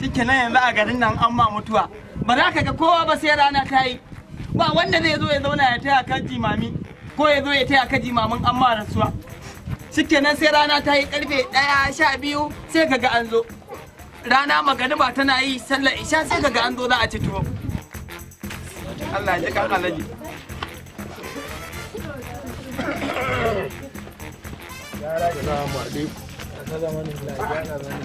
suke nan yanzu a garin nan an ma mutuwa ba za ka ga kowa ba sai rana ta yi ba wanda zai zo ya zauna ya taya kan jimami ko ya zo ya taya kan jimamin an ma rasuwa suke nan sai rana ta yi karfe ɗaya sha biyu sai ka ga an zo rana ba tana yi sallar isha sai ka ga an zo za a ci tuwo Allah ya kan alaji Assalamu alaikum.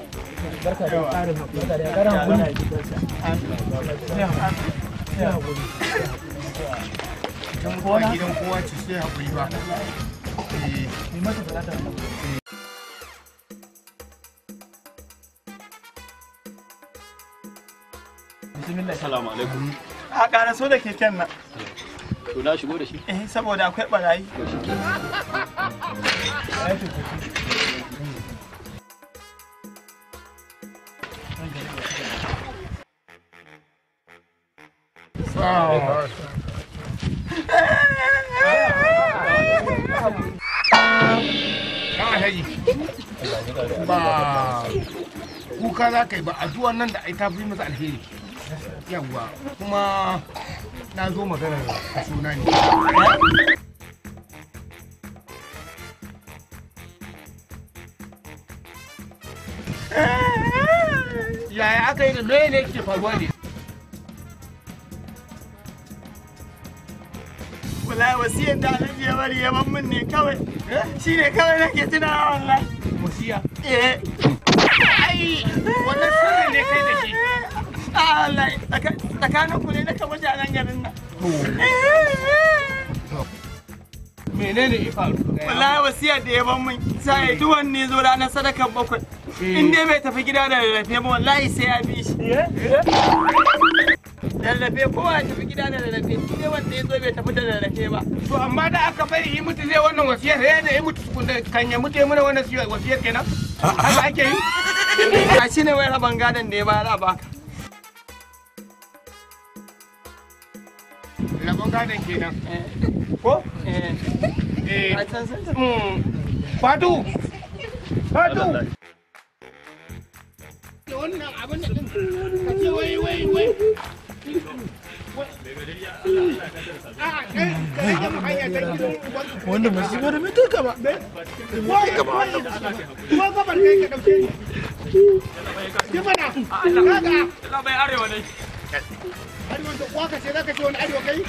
barka da ƙarin ba eh. da keken nan to na shigo da shi eh saboda akwai barayi to shi ke ba kuka za ka yi ba addu'a nan da ai ta fi masa alheri yawwa kuma na zo magana suna ne yaya aka yi da ne ke faruwa ne wallahi wasiyar da alhaji ya bari ya ban min ne kawai eh, shi ne kawai nake tunawa wallahi wasiya eh ai wannan ne kai da shi ah, a tsakanin ku ne na kama jaran garin nan eh. menene ya faru wallahi wasiyar da ya ban min sai zo ranar sadakar bakwai eh. in dai bai tafi gida da rarrafe ba wallahi sai ya bi shi lallafe ko a tafi gida da lallafe shi ne wanda ya zo bai tafi da lallafe ba to amma da aka bari yi mutu zai wannan wasiyar sai da yi mutu kan ya mutu ya mana wannan wasiyar kenan haka ake yi a shi ne wai rabon gadon da ya bayar a baka rabon gadon kenan eh. ko eh, eh. Hmm. fatu fatu wannan abin da ɗin ka ce wai wai wai wanda ba su gwada mai ba ba wanda ba kai ka dauke ji kaga arewa ne arewa da ce zaka ce wani arewa kai